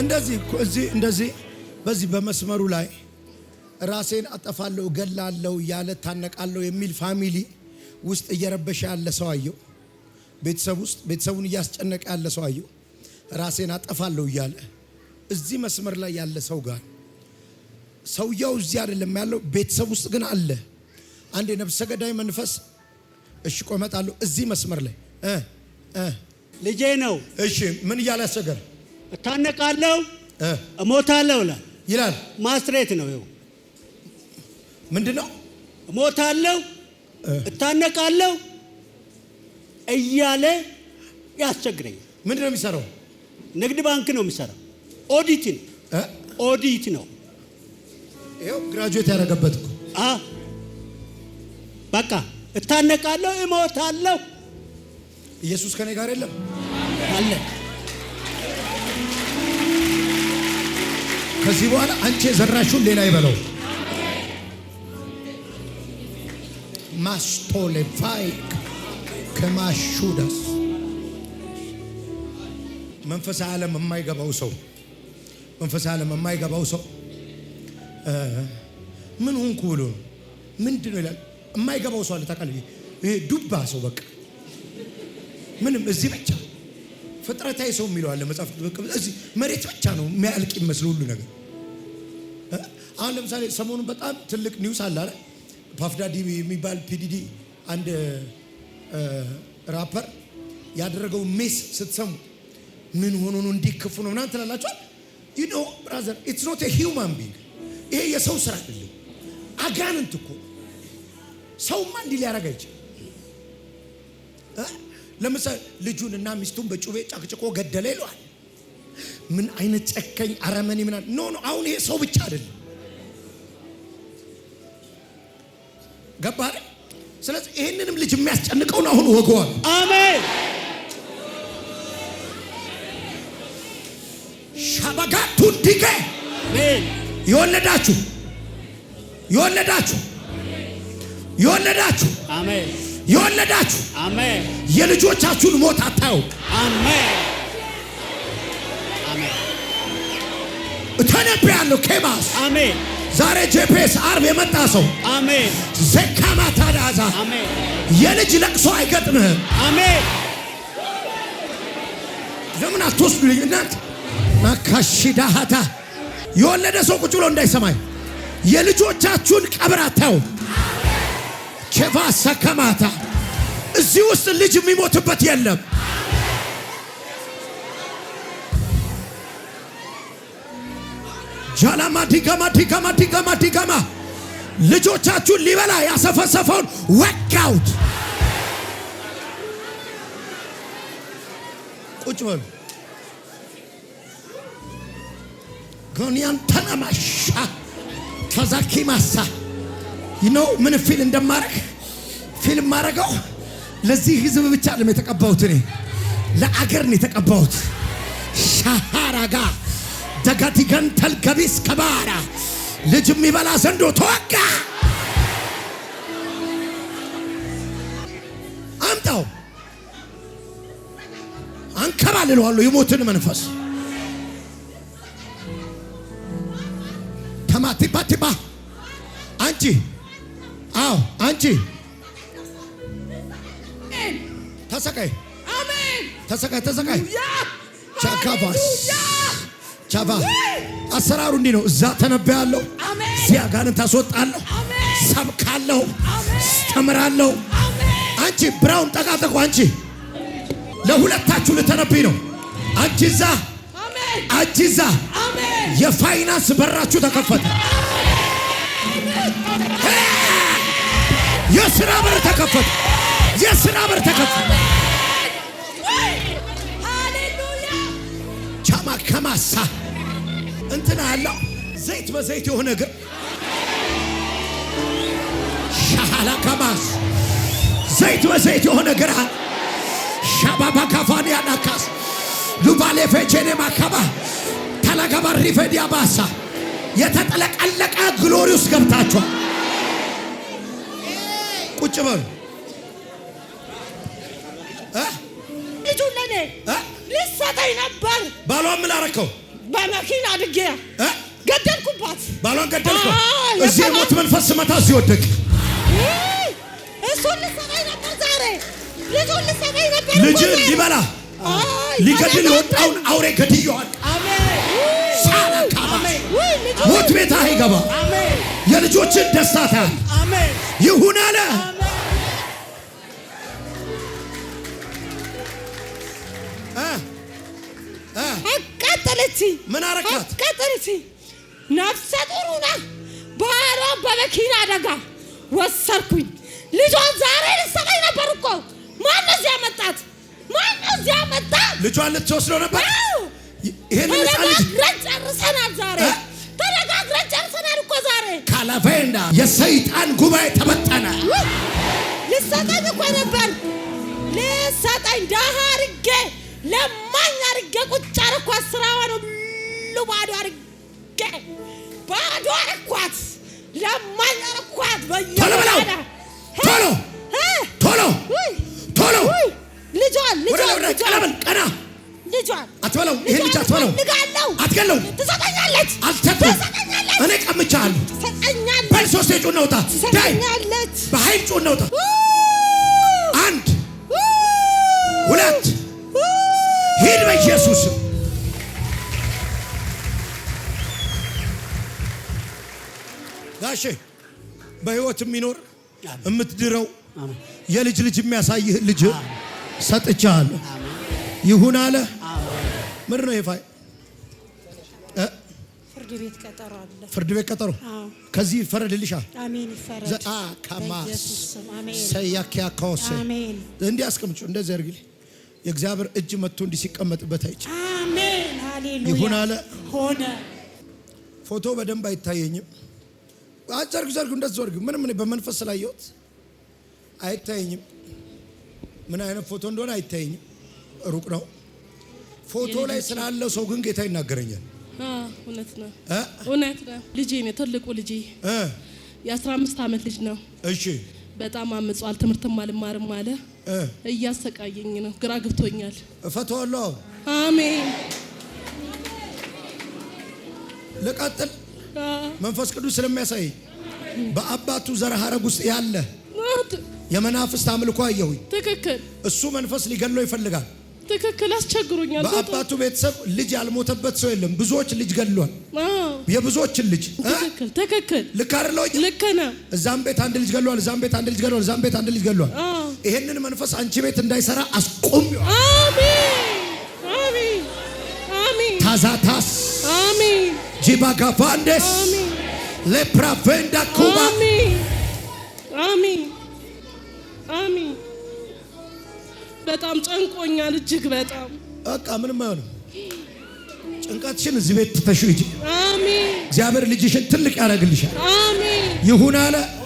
እንደዚህ እዚህ እንደዚህ በዚህ በመስመሩ ላይ ራሴን አጠፋለሁ እገላለሁ እያለ ታነቃለሁ የሚል ፋሚሊ ውስጥ እየረበሸ ያለ ሰው አየው። ቤተሰብ ውስጥ ቤተሰቡን እያስጨነቀ ያለ ሰው አየው። ራሴን አጠፋለሁ እያለ እዚህ መስመር ላይ ያለ ሰው ጋር ሰውየው እዚህ አይደለም ያለው፣ ቤተሰብ ውስጥ ግን አለ። አንድ የነፍሰ ገዳይ መንፈስ እሺ፣ ቆመጣለሁ እዚህ መስመር ላይ ልጄ ነው። እሺ፣ ምን እያለ ያሰገር እታነቃለሁ፣ እሞታለሁ ይላል። ማስትሬት ነው። ይኸው ምንድን ነው? እሞታለሁ፣ እታነቃለሁ እያለ ያስቸግረኛል። ምንድን ነው የሚሰራው? ንግድ ባንክ ነው የሚሰራው። ኦዲት ነው ኦዲት ነው። ይኸው ግራጁዌት ያደረገበት በቃ እታነቃለሁ፣ እሞታለሁ። ኢየሱስ ከኔ ጋር የለም አለ ከዚህ በኋላ አንቺ የዘራሹን ሌላ ይበለው። ማስቶሌቫይክ ከማሹደስ መንፈሳ ዓለም የማይገባው ሰው መንፈሳ ዓለም የማይገባው ሰው ምን ሆንኩ ብሎ ነው ምንድን ነው ይላል። የማይገባው ሰው አለ ታውቃለህ። ይሄ ዱባ ሰው በቃ ምንም እዚህ ብቻ ፍጥረታዊ ሰው የሚለዋለ መጽሐፍ እዚህ መሬት ብቻ ነው የሚያልቅ ይመስል ሁሉ ነገር አሁን ለምሳሌ ሰሞኑን በጣም ትልቅ ኒውስ አለ አይደል? ፓፍዳዲ የሚባል ፒዲዲ አንድ ራፐር ያደረገው ሜስ ስትሰሙ ምን ሆኖ ነው እንዲህ ክፉ ነው ምናምን ትላላችኋል። ዩ ኖ ብራዘር ኢትስ ኖት ሂውማን ቢንግ። ይሄ የሰው ስራ አይደለም፣ አጋንንት እኮ ሰውማ እንዲህ ሊያደርግ አይችል። ለምሳሌ ልጁን እና ሚስቱን በጩቤ ጨቅጭቆ ገደለ ይለዋል። ምን አይነት ጨካኝ አረመኔ ምናምን። ኖ ኖ፣ አሁን ይሄ ሰው ብቻ አይደለም ገባ አይደል? ስለዚህ ይህንንም ልጅ የሚያስጨንቀውን አሁን ወገዋል። አሜን ሻባጋቱ ዲገ የወለዳችሁ የወለዳችሁ የወለዳችሁ የወለዳችሁ የልጆቻችሁን ሞት አታዩ። አሜን እተነብያለሁ ኬማስ አሜን ዛሬ ጄፒኤስ አርብ የመጣ ሰው አሜን። ዘካማ ታዳዛ አሜን። የልጅ ለቅሶ አይገጥምህም። አሜን። ለምን አትወስዱ ልጅ እናት ዳሃታ የወለደ ሰው ቁጭ ብሎ እንዳይሰማኝ የልጆቻችሁን ቀብር አታዩ። ኬቫ ሰከማታ እዚህ ውስጥ ልጅ የሚሞትበት የለም። ዣላማ ዲገማ ዲገማ ዲገማ ዲገማ ልጆቻችሁን ሊበላ ያሰፈሰፈውን ወጋውት። ቁጭ በሉ ጎንያን ተናማሻ ከዛኪ ማሳ ይነው ምን ፊል እንደማረግ ፊልም ማረገው ለዚህ ህዝብ ብቻ ለም የተቀባሁት እኔ ለአገር ነው የተቀባሁት ሻሃራጋ ተከቲገንተል ከቢስ ከባራ ልጅ የሚበላ ዘንዶ ተወጋ። አምጣው አንከባልለዋለሁ። የሞትን መንፈስ ተማቲባቲባ አንቺ፣ አዎ አንቺ ተሰቃይ ተሰቃይ ተሰቃይ ቻካባስ ቻፋ አሰራሩ እንዲህ ነው። እዛ ተነበያለሁ፣ እዚያ ጋር ታስወጣለሁ፣ ሰብካለሁ፣ ስተምራለሁ። አንቺ ብራውን ጠቃጠቁ። አንቺ ለሁለታችሁ ልተነብይ ነው። አንቺ ዛ አንቺ ዛ የፋይናንስ በራችሁ ተከፈተ። የስራ በር ተከፈተ። የስራ በር ተከፈተ። ከማሳ እንትና ያለው ዘይት በዘይት የሆነ እግር ሻሃላ ከማስ ዘይት በዘይት የሆነ እግር አለ። ሻባባ ካፋን ያናካስ ሉባሌ ፌቼኔ ማካባ ተለገበር ሪፌዲያ ባሳ የተጠለቀለቀ ግሎሪ ውስጥ ገብታችኋል። ቁጭ በሉ። ትፈተኝ ነበር። ባሏን ምን አረከው? በመኪና አድጌ ገደልኩባት። ባሏን ገደልኩ። እዚህ የሞት መንፈስ መታ ሲወደቅ እሱን ልትሰማኝ ነበር። ዛሬ ልጁን ልትሰማኝ ነበር። ልጅ ሊበላ ሊገድል የወጣውን አውሬ ገድየዋል። ሞት ቤት አይገባ። የልጆችን ደስታ ታያል። ይሁን አለ አቃጠለች። ምን አረካት? አቃጠለች። ነፍሰ ጡሩና ባሏን በመኪና አደጋ ወሰድኩኝ ልጇን ዛሬ ልትሰጠኝ ነበር እኮ ማን ነው እዚያ መጣት? ማን ነው እዚያ መጣ? ልጇን ልትወስደው ነበር። ተነጋግረን ጨርሰናል። ዛሬ ተነጋግረን ጨርሰናል እኮ ዛሬ ካላቬንዳ የሰይጣን ጉባኤ ተበጠነ። ልትሰጠኝ እኮ ነበር ልትሰጠኝ ዳሃ አድርጌ ለማኝ አድርጌ ቁጭ አደረኳት። ስራዋን ሁሉ ባዶ አድርጌ ባዶ አደረኳት። ለማኝ አደረኳት። ቶሎ ቶሎ ቶሎ ልጇን ልጇን ቀና ልጇን አትበለው። ይሄን ልጅ አትበለው። ንጋለው አትገለው። ትሰጠኛለች አልሰጥም። እኔ ቀምቻለሁ። ትሰጠኛለች በል ሶስቴ ጩኸት ነውጣ ዳይ በኃይል ጩኸት ነውጣ ጋሼ በህይወት የሚኖር የምትድረው የልጅ ልጅ የሚያሳይህ ልጅ ሰጥቻለሁ። ይሁን አለ ምንድን ነው ይፋ ፍርድ ቤት ቀጠሮ ከዚህ ይፈረድልሻል። ዘአካማስ ሰያኪያካወሰ እንዲህ አስቀምጩ፣ እንደዚህ አድርጊልኝ። የእግዚአብሔር እጅ መጥቶ እንዲህ ሲቀመጥበት አይች ይሁን አለ ሆነ። ፎቶ በደንብ አይታየኝም ዘርግ ዘርግ እንደት ዘርግ ምንም እኔ በመንፈስ ስላየሁት አይታየኝም። ምን አይነት ፎቶ እንደሆነ አይታየኝም፣ ሩቅ ነው። ፎቶ ላይ ስላለው ሰው ግን ጌታ ይናገረኛል። እውነት ነው፣ እውነት ነው። ልጄ ነው፣ ትልቁ ልጄ የአስራ አምስት ዓመት ልጅ ነው። እሺ በጣም አምጿል። ትምህርትም አልማርም አለ። እያሰቃየኝ ነው፣ ግራ ገብቶኛል። እፈታዋለሁ። አሜን። ልቀጥል መንፈስ ቅዱስ ስለሚያሳይ በአባቱ ዘር ሐረግ ውስጥ ያለ የመናፍስት አምልኮ አየሁኝ። ትክክል። እሱ መንፈስ ሊገለው ይፈልጋል። ትክክል። አስቸግሮኛል። በአባቱ ቤተሰብ ልጅ ያልሞተበት ሰው የለም። ብዙዎች ልጅ ገድሏል። የብዙዎችን ልጅ ትክክል፣ ትክክል። ልክ አይደለሁኝ? ልክ ነህ። እዛም ቤት አንድ ልጅ ገድሏል። እዛም ቤት አንድ ልጅ ገድሏል። እዛም ቤት አንድ ልጅ ገድሏል። ይሄንን መንፈስ አንቺ ቤት እንዳይሰራ አስቆም። አሜን፣ አሜን፣ አሜን። ታዛታስ ጂባጋቫንዴስ ሌፕራቬንዳ ኩባ አሚን አሚን። በጣም ጨንቆኛል፣ እጅግ በጣም በቃ ምንም አይሆንም። ጭንቀትሽን እዚህ ቤት ትተሽው ሂጂ። አሚን። እግዚአብሔር ልጅሽን ትልቅ ያደርግልሻል። አሚን። ይሁን አለ